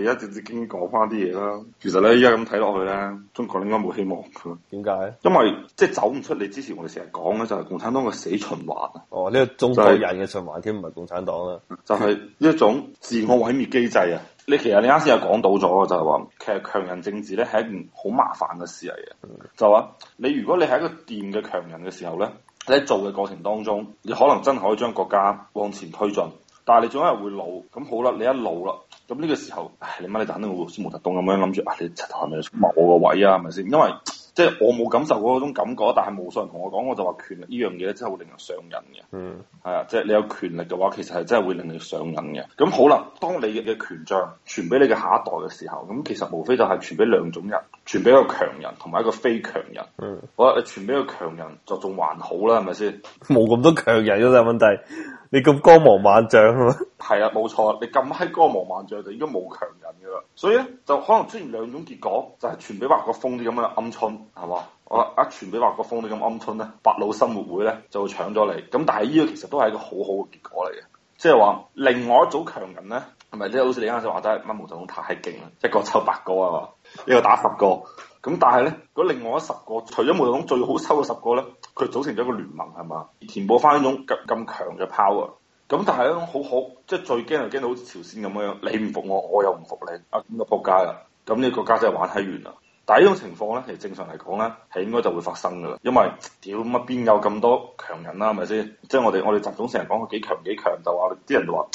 而家直接經講翻啲嘢啦，其實咧依家咁睇落去咧，中國應該冇希望嘅。點解？因為即係走唔出你之前我哋成日講嘅就係共產黨嘅死循環。哦，呢、這個中國人嘅循環添，唔係、就是、共產黨啦，就係一種自我毀滅機制啊！ 你其實你啱先又講到咗就係、是、話其實強人政治咧係一件好麻煩嘅事嚟嘅，嗯、就話你如果你係一個掂嘅強人嘅時候咧，你喺做嘅過程當中，你可能真係可以將國家往前推進。但係你總係會老，咁好啦。你一老啦，咁呢個時候，你媽你肯定會似毛澤東咁樣諗住啊！你柒台咪抹我個位啊，咪先。因為即係、就是、我冇感受嗰種感覺，但係無數人同我講，我就話權力呢樣嘢真係會令人上癮嘅。嗯，係啊，即、就、係、是、你有權力嘅話，其實係真係會令你上癮嘅。咁好啦，當你嘅權杖傳俾你嘅下一代嘅時候，咁其實無非就係傳俾兩種人，傳俾一個強人同埋一個非強人。嗯，我話傳俾個強人就仲還好啦，係咪先？冇咁多強人啦，問題。你咁光芒萬丈咯，係啊，冇錯，你咁閪光芒萬丈就應該冇強人噶啦，所以咧就可能出現兩種結果，就係傳俾白國風啲咁嘅鵪鶉，係嘛，我一傳俾白國風啲咁鵪鶉咧，白老生活會咧就搶咗你，咁但係呢個其實都係一個好好嘅結果嚟嘅，即係話另外一組強人咧，係咪即係好似你啱先話齋乜毛就太勁啦，一個抽八個啊嘛，一個打十個。咁但係咧，如果另外嗰十個，除咗冇種最好收嘅十個咧，佢組成咗一個聯盟係嘛，而填補翻一種咁咁強嘅 power。咁但係咧，好好即係最驚就驚到好似朝鮮咁樣，你唔服我，我又唔服你，阿邊就仆街啦？咁呢個、啊這個、國家真係玩完啦。但係呢種情況咧，其實正常嚟講咧，係應該就會發生㗎喇。因為屌乜邊有咁多強人啦、啊？係咪先？即係我哋我哋集中成日講佢幾強幾強，就話啲人就話。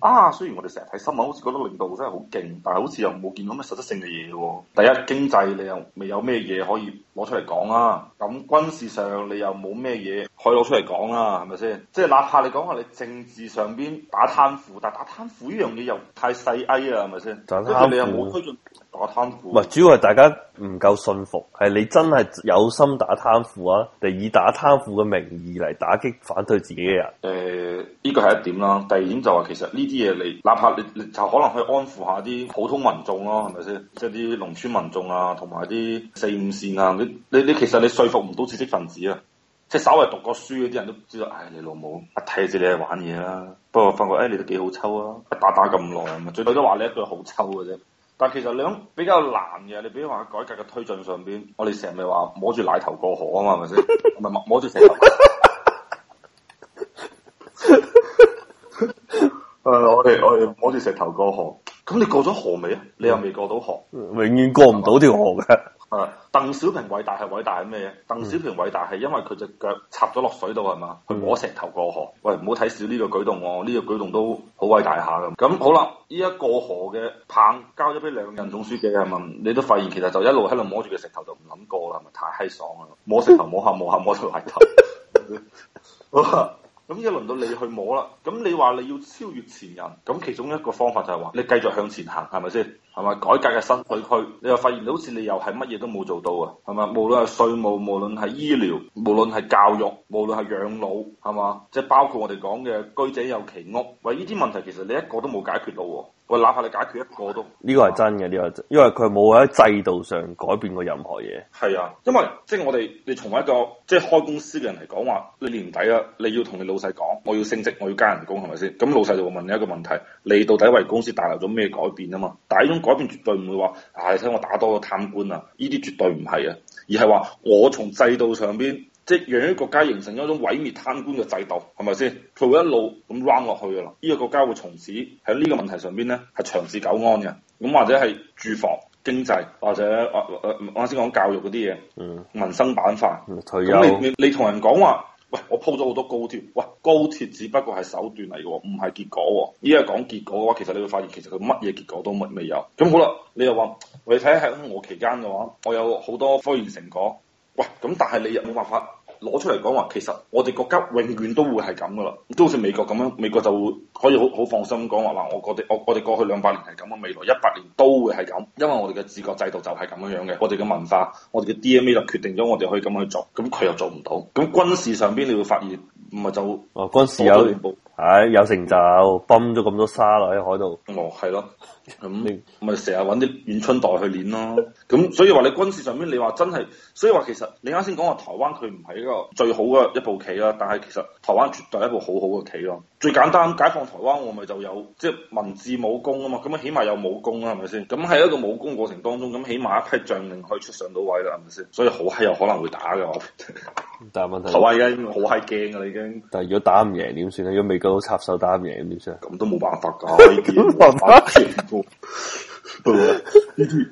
啊，雖然我哋成日睇新聞，好似覺得領導真係好勁，但係好似又冇見到咩實質性嘅嘢喎。第一，經濟你又未有咩嘢可以攞出嚟講啊。咁軍事上你又冇咩嘢可以攞出嚟講啊，係咪先？即係哪怕你講下你政治上邊打貪腐，但係打貪腐呢樣嘢又太細 I 啦，係咪先？即你又冇推進打貪腐。唔係主要係大家唔夠信服，係你真係有心打貪腐啊，定以打貪腐嘅名義嚟打擊反對自己嘅人？誒、呃，呢個係一點啦。第二點就話，其實呢啲嘢你哪怕你就可能去安撫下啲普通民眾咯，係咪先？即係啲農村民眾啊，同埋啲四五線啊，你你你其實你做唔到知識分子啊！即係稍微讀過書嗰啲人都知道，唉、哎，你老母一睇住你係玩嘢啦。不過發覺誒，你都幾好抽啊！一打打咁耐，咪最多都話你一句好抽嘅啫。但係其實你比較難嘅，你比如話改革嘅推進上邊，我哋成日咪話摸住奶頭過河啊嘛，係咪先？唔係摸住石頭。誒，我哋我哋摸住石頭過河。 啊咁你過咗河未啊？你又未過到河，嗯、永遠過唔到條河嘅。啊，鄧小平偉大係偉大喺咩嘢？鄧小平偉大係因為佢隻腳插咗落水度係嘛，去摸石頭過河。喂，唔好睇小呢個舉動，哦，我、這、呢個舉動都好偉大下嘅。咁好啦，呢一過河嘅棒交咗俾兩任總書記係嘛，你都發現其實就一路喺度摸住個石頭就唔諗過啦，係咪太嗨爽啦？摸石頭摸，下， 摸下摸下摸到埋頭。 咁依家輪到你去摸啦，咁你話你要超越前人，咁其中一個方法就係話你繼續向前行，係咪先？係嘛？改革嘅深水區，你又發現你好似你又係乜嘢都冇做到啊？係嘛？無論係稅務，無論係醫療，無論係教育，無論係養老，係嘛？即係包括我哋講嘅居者有其屋，喂，呢啲問題其實你一個都冇解決到喎。我哪怕你解決一個都呢個係真嘅，呢個因為佢冇喺制度上改變過任何嘢。係啊，因為即係我哋，你從一個即係開公司嘅人嚟講話，你年底啊，你要同你老細講，我要升職，我要加人工，係咪先？咁老細就會問你一個問題：你到底為公司帶來咗咩改變啊嘛？但係呢種改變絕對唔會話，啊！你睇我打多個貪官啊！呢啲絕對唔係啊，而係話我從制度上邊。即係讓啲國家形成一種毀滅貪官嘅制度，係咪先？佢會一路咁 run 落去噶啦，呢、這個國家會從此喺呢個問題上邊咧係長治久安嘅。咁或者係住房、經濟或者誒我啱先講教育嗰啲嘢，嗯，民生板塊，退、嗯、你、呃、你你同人講話，喂，我鋪咗好多高鐵，喂，高鐵只不過係手段嚟嘅，唔係結果、哦。依家講結果嘅話，其實你會發現，其實佢乜嘢結果都未未有。咁好啦，你又話，你睇下喺我期間嘅話，我有好多科研成果。喂，咁但係你又冇辦法攞出嚟講話，其實我哋國家永遠都會係咁噶啦，都好似美國咁樣，美國就會可以好好放心講話話，我覺得我我哋過去兩百年係咁，我未來一百年都會係咁，因為我哋嘅治國制度就係咁樣樣嘅，我哋嘅文化，我哋嘅 DNA 就決定咗我哋可以咁樣去做，咁佢又做唔到，咁軍事上邊你會發現，唔係就、啊、軍事有、啊。唉、哎，有成就，泵咗咁多沙落喺海度。哦，係咯，咁咪成日揾啲遠春袋去練咯。咁所以話你軍事上面，你話真係，所以話其實你啱先講話台灣，佢唔係一個最好嘅一部棋啦。但係其實台灣絕對係一部好好嘅棋咯。最簡單解放台灣，我咪就有即係、就是、文字武功啊嘛。咁啊起碼有武功啊，係咪先？咁喺一個武功過程當中，咁起碼一批將領可以出上到位啦，係咪先？所以好係有可能會打嘅。但係問題台灣而家好係驚噶啦已經。但係如果打唔贏點算咧？如果美都插手打野咁，咁都冇辦法㗎，呢啲冇辦法，呢啲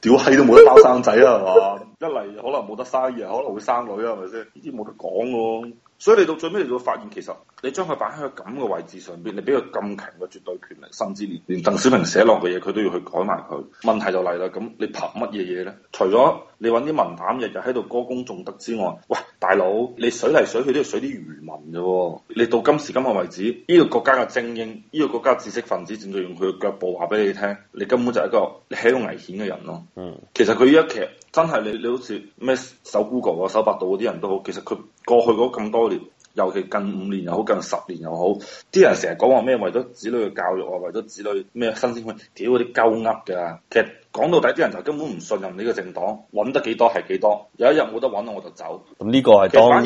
屌閪都冇得包生仔啦，係嘛？一嚟可能冇得生意，可能會生女啦，係咪先？呢啲冇得講咯，所以你到最尾你就會發現其實。你將佢擺喺個咁嘅位置上邊，你俾佢咁強嘅絕對權力，甚至連連鄧小平寫落嘅嘢，佢都要去改埋佢。問題就嚟啦，咁你拍乜嘢嘢咧？除咗你揾啲文膽日日喺度歌功頌德之外，喂，大佬你水嚟水去都要水啲愚民啫喎！你到今時今日為止，呢個國家嘅精英，呢個國家知識分子，正在用佢嘅腳步話俾你聽，你根本就係一個你係一個危險嘅人咯。嗯，其實佢依一劇真係你你好似咩搜 Google 啊，搜百度嗰啲人都好，其實佢過去嗰咁多年。尤其近五年又好，近十年又好，啲人成日講話咩，為咗子女嘅教育啊，為咗子女咩新鮮血，屌嗰啲鳩噏嘅，其實。講到底啲人就根本唔信任你個政黨，搵得幾多係幾多，有一日冇得搵啦，我就走。咁呢個係當然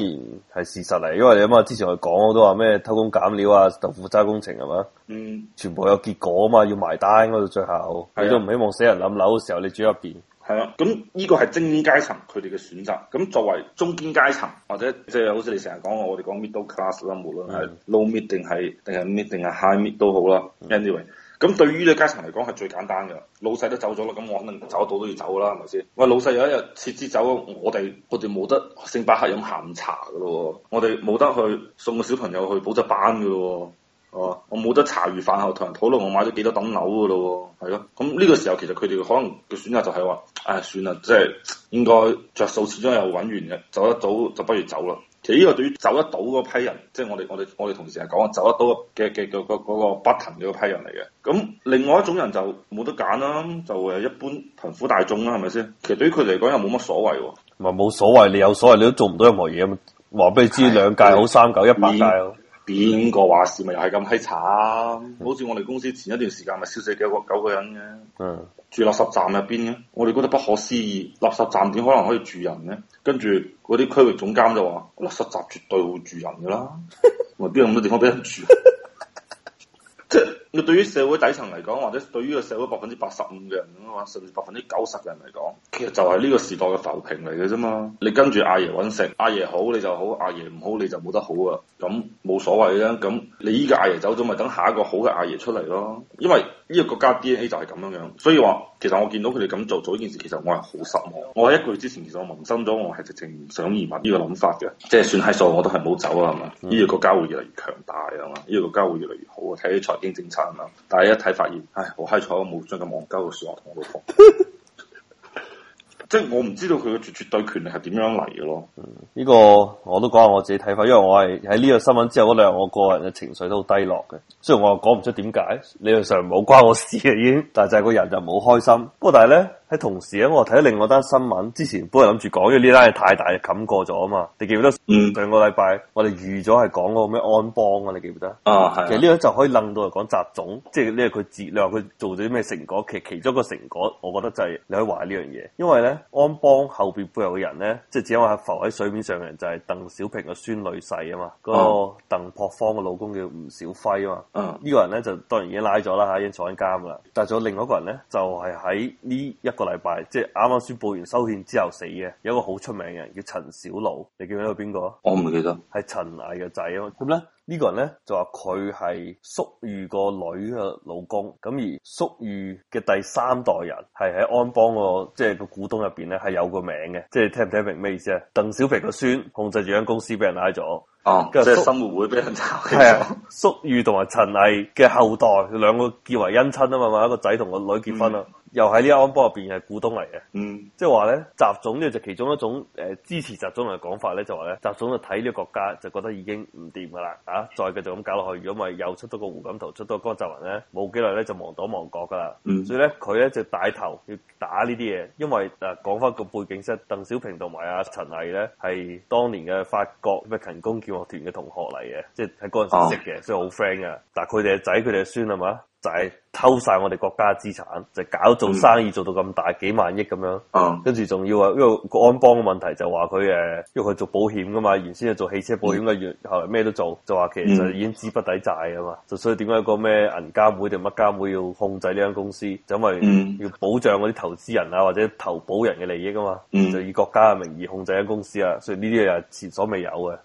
係事實嚟，因為你諗下之前我講，我都話咩偷工減料啊，豆腐渣工程係嘛，嗯、全部有結果啊嘛，要埋單嗰度最後，嗯、你都唔希望死人冧樓嘅時候、嗯、你住入邊。係啊，咁呢個係精英階層佢哋嘅選擇，咁作為中堅階層或者即係、就是、好似你成日講，我哋講 middle class 啦是，無論係 low mid 定係定係 mid 定係 high mid 都好啦、嗯、，anyway。咁對於呢個階層嚟講係最簡單㗎，老細都走咗啦，咁我肯定走得到都要走啦，係咪先？喂，老細有一日撤資走，我哋我哋冇得星巴克飲下午茶嘅咯，我哋冇得，得去送個小朋友去補習班嘅咯。哦，我冇得茶餘飯後同人討論我買咗幾多棟樓噶咯，係咯，咁呢個時候其實佢哋可能嘅選擇就係話，誒、哎、算啦，即、就、係、是、應該着數，始終有揾完嘅，走得到就不如走啦。其實呢個對於走得到嗰批人，即係我哋我哋我哋同事係講啊，走得到嘅嘅嘅嗰個不騰嘅嗰批人嚟嘅。咁另外一種人就冇得揀啦，就誒一般貧富大眾啦，係咪先？其實對於佢嚟講又冇乜所謂喎。冇所謂，你有所謂，你都做唔到任何嘢啊嘛。話俾你知，兩屆好，的三九一八屆。你邊個話事咪又係咁閪慘？嗯、好似我哋公司前一段時間咪燒死幾個九個人嘅，嗯、住垃圾站入邊嘅，我哋覺得不可思議，垃圾站點可能可以住人咧？跟住嗰啲區域總監就話，垃圾站絕對會住人㗎啦，咪邊有咁多地方俾人住？ 你對於社會底層嚟講，或者對於個社會百分之八十五嘅人咁嘅話，甚至百分之九十嘅人嚟講，其實就係呢個時代嘅浮萍嚟嘅啫嘛。你跟住阿爺搵食，阿爺好你就好，阿爺唔好你就冇得好啊。咁冇所謂咧。咁你依家阿爺走咗，咪等下一個好嘅阿爺出嚟咯。因為呢個國家 DNA 就係咁樣樣，所以話其實我見到佢哋咁做做呢件事，其實我係好失望。我喺一個月之前其實我萌生咗我係直情唔想移民呢個諗法嘅，即係算係數我都係冇走啊嘛。呢、嗯、個國家會越嚟越強大啊嘛，呢、這個國家會越嚟越好啊，睇起財經政策啊嘛。但係一睇發現，唉，好閪彩我冇追到我而家，我同我老婆。 即係我唔知道佢嘅絕絕對權力係點樣嚟嘅咯。嗯，呢個我都講下我自己睇法，因為我係喺呢個新聞之後嗰兩日，我個人嘅情緒都好低落嘅。雖然我又講唔出點解，理論上唔好關我事嘅已經，但係就係個人就冇開心。不過但係咧。喺同時咧，我睇咗另外單新聞。之前本嚟諗住講，因為呢單嘢太大，冚過咗啊嘛。你記唔記得，嗯、上個禮拜我哋預咗係講嗰個咩安邦啊？你記唔記得啊？啊其實呢樣就可以楞到嚟講習總，即係呢個佢自，量，佢做咗啲咩成果？其實其中一個成果，我覺得就係你可以話呢樣嘢，因為咧安邦後邊背後嘅人咧，即係只有話浮喺水面上嘅人，就係鄧小平嘅孫女婿啊嘛，嗰，那個鄧樸方嘅老公叫吳小輝啊嘛。呢，嗯、個人咧就當然已經拉咗啦嚇，已經坐緊監噶啦。但係仲有另外一個人咧，就係喺呢一個禮拜即係啱啱先報完修憲之後死嘅，有一個好出名嘅人叫陳小魯，你記唔記得邊個？我唔記得，係陳毅嘅仔啊嘛。咁咧呢個人咧就話佢係粟裕個女嘅老公，咁而粟裕嘅第三代人係喺安邦個即係個股東入邊咧係有個名嘅，即係聽唔聽明咩意思啊？鄧小平個孫控制住間公司俾人拉咗，哦、啊，後即係生活會俾人鬧。係啊， 粟裕同埋陳毅嘅後代佢兩個結為姻親啊嘛嘛，一個仔同個女結婚啊。嗯又喺、嗯、呢一安波入邊係股東嚟嘅，即係話咧，習總呢就其中一種誒、呃、支持習總嘅講法咧，就話咧，習總就睇呢個國家就覺得已經唔掂噶啦，啊，再繼續咁搞落去，如果唔係又出多個胡錦濤，出多個江澤民咧，冇幾耐咧就亡黨亡國噶啦，嗯、所以咧佢咧就帶頭要打呢啲嘢，因為誒講翻個背景即鄧小平同埋阿陳毅咧係當年嘅法國咩勤工儉學團嘅同學嚟嘅，即係喺嗰陣時識嘅，哦、所以好 friend 噶，但係佢哋嘅仔佢哋嘅孫係嘛仔。偷晒我哋國家嘅資產，就搞做生意做到咁大幾萬億咁樣，嗯、跟住仲要話，因為個安邦嘅問題就話佢誒，因為佢做保險噶嘛，原先係做汽車保險嘅，然、嗯、後來咩都做，就話其實已經資不抵債啊嘛，就所以點解個咩銀監會定乜監會要控制呢間公司，就因為要保障嗰啲投資人啊或者投保人嘅利益啊嘛，嗯、就以國家嘅名義控制間公司啊，所以呢啲嘢係前所未有嘅，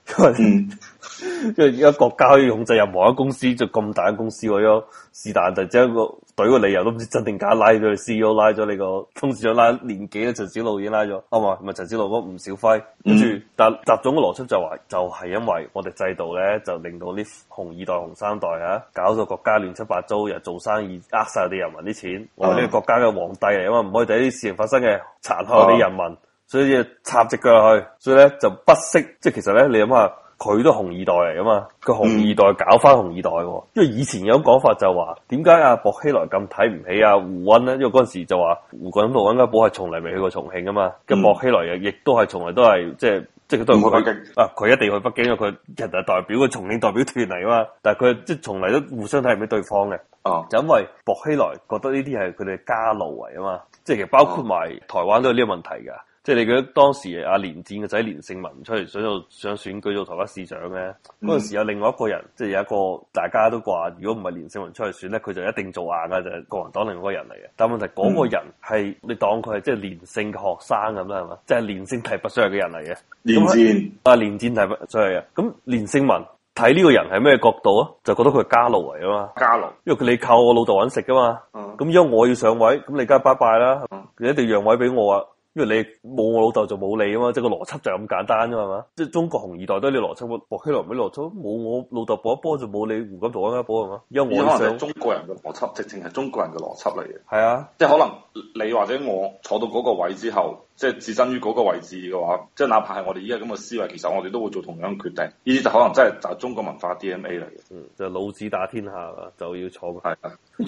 因為而家、嗯、 國家可以控制任何一間公司，就咁大間公司喎、啊，是、這、但、個，但即懟個理由都唔知真定假，拉咗個 CEO，拉咗你個董事長拉，拉年紀嘅陳小露已經拉咗，好、哦、嘛？同埋陳小露嗰吳小輝，跟住、嗯、但集中嘅邏輯就話，就係、是、因為我哋制度咧，就令到啲紅二代、紅三代吓，搞到國家亂七八糟，又做生意呃晒我哋人民啲錢，啊、我哋呢個國家嘅皇帝嚟，咁啊唔可以第一啲事情發生嘅殘害我哋人民，啊、所以就插隻腳落去，所以咧就不惜，即係其實咧你諗下。佢都紅二代嚟噶嘛？佢紅二代搞翻紅二代喎。因為以前有講法就話，點解阿薄熙來咁睇唔起阿胡溫咧？因為嗰陣時就話胡錦濤、溫家寶係從嚟未去過重慶噶嘛。咁薄熙來亦都係從嚟都係即係即係佢都唔去北京。啊，佢一定去北京，因為佢人大代表個重慶代表團嚟啊嘛。但係佢即係從嚟都互相睇唔起對方嘅。哦，就因為薄熙來覺得呢啲係佢哋家奴嚟啊嘛。即係其實包括埋台灣都有呢個問題嘅。即係你覺得當時阿連戰嘅仔連勝文出嚟，想做想選舉做台北市長咧，嗰陣、嗯、時有另外一個人，即、就、係、是、有一個大家都掛，如果唔係連勝文出嚟選咧，佢就一定做硬嘅，就國民黨另外一個人嚟嘅。但係問題嗰個人係、嗯、你當佢係即係連勝嘅學生咁啦，係嘛？就係、是、連勝提拔上嚟嘅人嚟嘅。連戰啊，連戰提拔出嚟啊。咁連勝文睇呢個人係咩角度啊？就覺得佢係家奴嚟啊嘛。家奴勞，因為佢你靠我老豆揾食噶嘛。咁因為我要上位，咁你梗係拜拜啦，嗯、你一定要讓位俾我啊。因為你冇我老豆就冇你啊嘛，即、就、係、是、個邏輯就咁簡單啫嘛，即係、就是、中國紅二代都係呢個邏輯，博基羅唔你邏輯，冇我老豆博一波就冇你胡錦濤一,一波咁啊，呢個係中國人嘅邏輯，直情係中國人嘅邏輯嚟嘅。係啊，即係可能你或者我坐到嗰個位之後。即係置身於嗰個位置嘅話，即係哪怕係我哋依家咁嘅思維，其實我哋都會做同樣決定。呢啲，就可能真係就中國文化 D M A 嚟嘅，就是、老子打天下啦，就要坐係，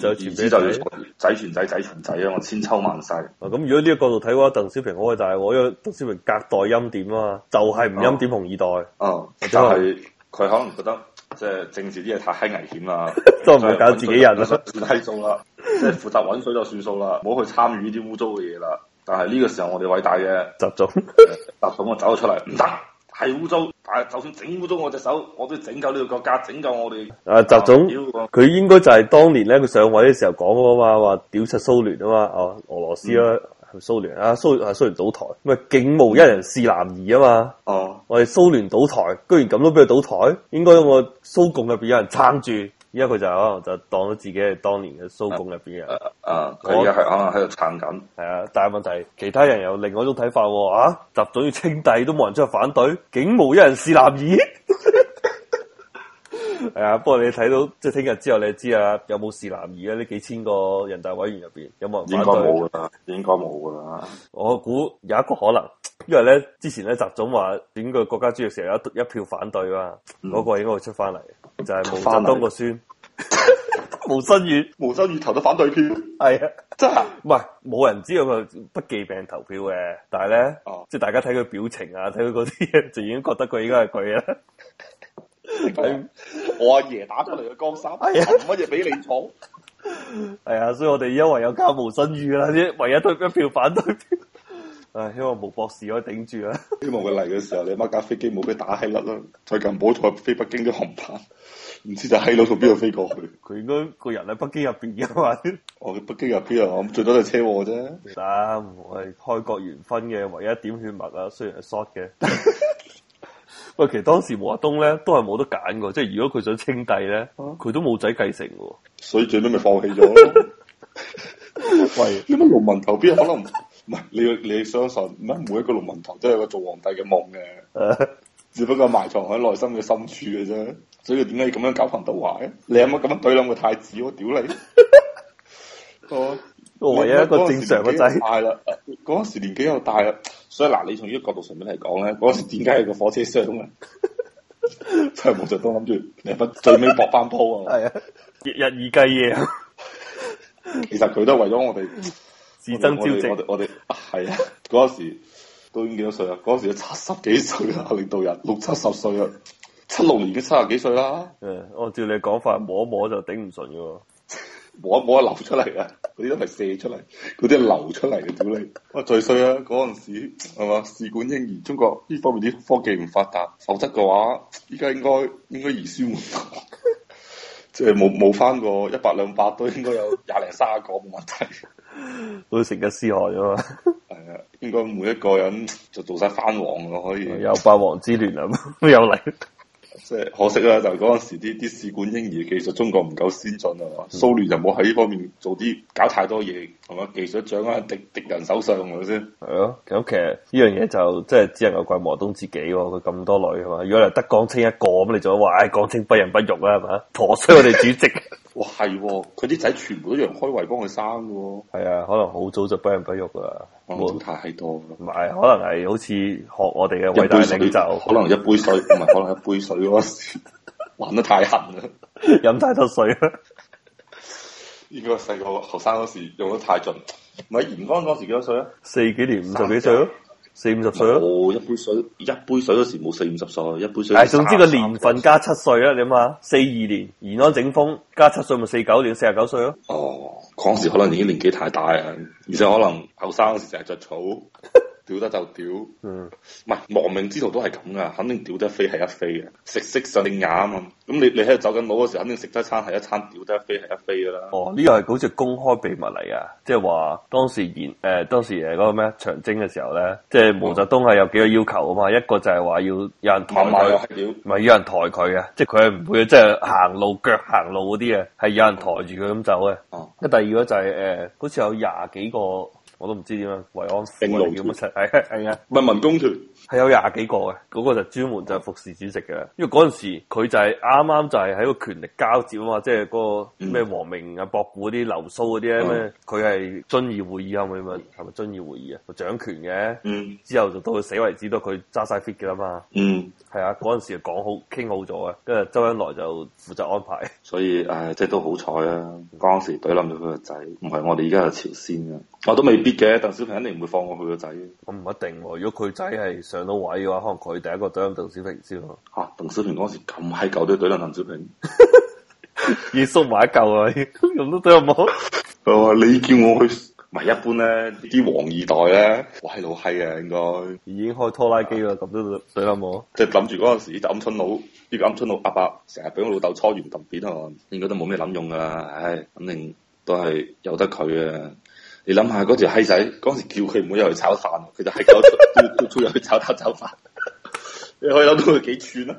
就自己就要仔傳仔，仔傳仔啊，我千秋萬世。咁如果呢個角度睇嘅話，鄧小平好嘅就係我有鄧小平隔代欽點啊嘛，就係唔欽點紅二代。哦，就係佢可能覺得即係、就是、政治啲嘢太危險啦，都唔好搞自己人啦，算係數啦，即係負責搵水就算數啦，唔好 去參與呢啲污糟嘅嘢啦。但係呢個時候，我哋偉大嘅習總，習總我走咗出嚟，唔得係污糟，但就算整污糟，我隻手我都要拯救呢個國家，拯救我哋。誒總，習總佢應該就係當年咧，佢上位嘅時候講啊嘛，話屌柒蘇聯啊嘛，啊俄羅斯咯，蘇聯、嗯、啊蘇聯倒台，咪竟無一人是男兒啊嘛，哦、啊、我哋蘇聯倒台，居然咁都俾佢倒台，應該我蘇共入邊有人撐住。依家佢就可能就當咗自己係當年嘅蘇共入邊嘅，啊佢而家係可能喺度撐緊，係我啊！但係問題，其他人有另外一種睇法、啊、吓、啊、習總要稱帝都冇人出去反對，竟無一人 是男兒。係啊，不過你睇到即係聽日之後，你知啊，有冇是男兒咧？呢幾千個人大委員入邊，有冇人反對？應該冇噶啦，應該冇噶啦。我估有一個可能，因為咧之前咧習總話選舉國家主席成日一一票反對嘛，嗰、嗯、個應該會出翻嚟。就係毛澤東個孫，毛新宇。毛新宇投咗反對票，係啊，真係唔係冇人知道佢不記病投票嘅。但係咧，即係、啊、大家睇佢表情啊，睇佢嗰啲就已經覺得佢應該係佢啦。我阿爺打出嚟嘅江山，係啊，乜嘢俾你坐？係 啊，所以我哋因為有加毛新宇啦，唯一得一票反對票。誒，希望毛博士可以頂住啊！希望佢嚟嘅時候，你乜架飛機冇俾打起甩啦！最近唔好再飛北京嘅航班，唔知就喺佬從邊度飛過去？佢 應該個人喺北京入邊嘅嘛？我嘅、哦、北京入邊啊，我最多就車禍啫。其實，我係開國元勳嘅唯一一點血脈啊，雖然係 short 嘅。 喂，其實當時毛澤東咧都係冇得揀嘅，即係如果佢想稱帝咧，佢、啊、都冇仔繼承嘅，所以最終咪放棄咗咯。 喂，點解農民頭邊可能？唔係你要你相信，唔係每一個農民堂都有個做皇帝嘅夢嘅，uh. 只不過埋藏喺內心嘅深處嘅啫。所以點解要咁樣搞彭德懷嘅？你有冇咁樣懟兩個太子、啊？我屌你！ 我,我唯一一個正常嘅仔係啦，嗰陣時年紀又大啦， 所以嗱，你從呢個角度上面嚟講咧，嗰、那個、時點解係個火車廂咧？真係毛澤東諗住，你翻最尾搏翻鋪啊！啊，日日以繼嘢。其實佢都係為咗我哋。只爭朝夕，我哋我哋係啊！嗰、啊、時到咗幾多歲啊？嗰時七十幾歲啊！領導人六七十歲啊，七六年都七十幾歲啦。嗯，我照你講法，摸一摸就頂唔順嘅，摸一摸一流出嚟 啊！嗰啲都係射出嚟，嗰啲係流出嚟嘅。屌你！我最衰啦！嗰陣時係嘛試管嬰兒，中國呢方面啲科技唔發達，否則嘅話，依家應該應該兒孫滿堂 即係冇冇翻過一百兩百都應該有廿零卅個冇問題，都食得絲海啊係啊，應該每一個人就做晒藩王咯，可以有八王之亂啊， 有嚟。即係可惜啦，就係嗰陣時啲啲試管嬰兒技術中國唔夠先進啊蘇聯就冇喺呢方面做啲搞太多嘢係嘛，技術掌握喺敵敵人手上係咪先？係咯，咁其實呢樣嘢就即係只能夠怪毛澤東自己喎，佢咁多女係嘛，如果係得江青一個咁，你仲話唉江青不仁不育啊係嘛，陀衰我哋主席。哇，係佢啲仔全部都用開胃幫佢生嘅喎、哦。係啊，可能好早就不孕不育噶啦，玩得太多。唔係，可能係好似學我哋嘅偉大領袖就可能一杯水，唔係 可能一杯水嗰時，玩得太狠啦，飲太多水啦。呢 個細個學生嗰時，時用得太盡。唔係，嚴安嗰時幾多歲啊？四幾年五十幾歲咯。四五十歲咯、啊，一杯水一杯水嗰時冇四五十歲，一杯水。但係總之個年份加七歲啊，你諗下，四二年延安整風加七歲咪四九年四十九歲咯、啊。哦，嗰時可能已經年紀太大啊，而且可能後生嗰時成日着草。 屌得就屌，唔係亡命之徒都係咁噶，肯定屌得飛係一飛嘅，食色性也啊嘛。咁你你喺度走緊路嗰時，肯定食得一餐係一餐，屌得一飛係一飛噶啦。哦，呢個係好似公開秘密嚟噶，即係話當時誒、呃，當時誒嗰個咩長征嘅時候咧，即係毛澤東係有幾個要求啊嘛，一個就係話要有人抬佢，唔係要有人抬佢嘅，即係佢係唔會即係行路腳行路嗰啲啊，係有人抬住佢咁走嘅。哦、嗯，咁、嗯、第二個就係、是、誒、呃，好似有廿幾個。我都唔知點樣維安司路労叫乜柒？係係啊，唔民工團，係有廿幾個啊，嗰、那個就專門就服侍主席嘅。因為嗰陣時佢就係啱啱就係喺個權力交接啊嘛，即係嗰個咩王明啊、嗯、博古啲流蘇嗰啲咧。佢係、嗯、遵義會議後面，係咪？遵義會議啊，嗯、掌權嘅。嗯、之後就到佢死為止，都佢揸晒 fit 嘅啦嘛。嗯，係啊，嗰陣就講好傾好咗啊，跟住周恩來就負責安排。所以誒、呃，即係都好彩啊！嗰陣時懟冧咗佢個仔，唔係我哋而家係朝鮮啊！我都未必。嘅鄧小平肯定唔會放過佢個仔，我唔一定。如果佢仔係上到位嘅話，可能佢第一個懟鄧小平先咯。吓，鄧小平嗰時咁嗨舊都懟鄧小平，要縮埋一舊啊，咁都懟得冇。係嘛，你叫我去，咪一般咧，啲王二代咧，我係老嗨啊，應該。已經開拖拉機啦，咁都懟得冇。即係諗住嗰陣時，啲鵪鶉腦，啲鵪鶉腦阿伯，成日俾我老豆搓圓揼扁，應該都冇咩諗用噶啦。唉，肯定都係由得佢啊。你諗下嗰條閪仔，當、那、時、個、叫佢唔好入去炒飯，佢就喺度入去炒炒炒飯。 你可以諗到佢幾串啦。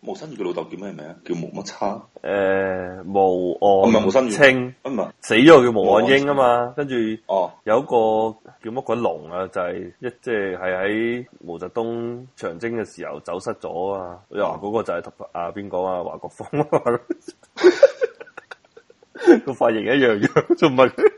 毛新宇嘅老豆叫咩名啊？叫毛乜叉？誒，毛岸唔係毛新宇，哦哦、清、啊、清死咗叫毛岸英，岸英啊嘛。跟住哦，有個叫乜鬼龍啊，就係、是、一即係係喺毛澤東長征嘅時候走失咗啊。又話嗰個就係同阿邊個啊華國鋒咯、啊，個髮型一樣樣，樣，仲唔係？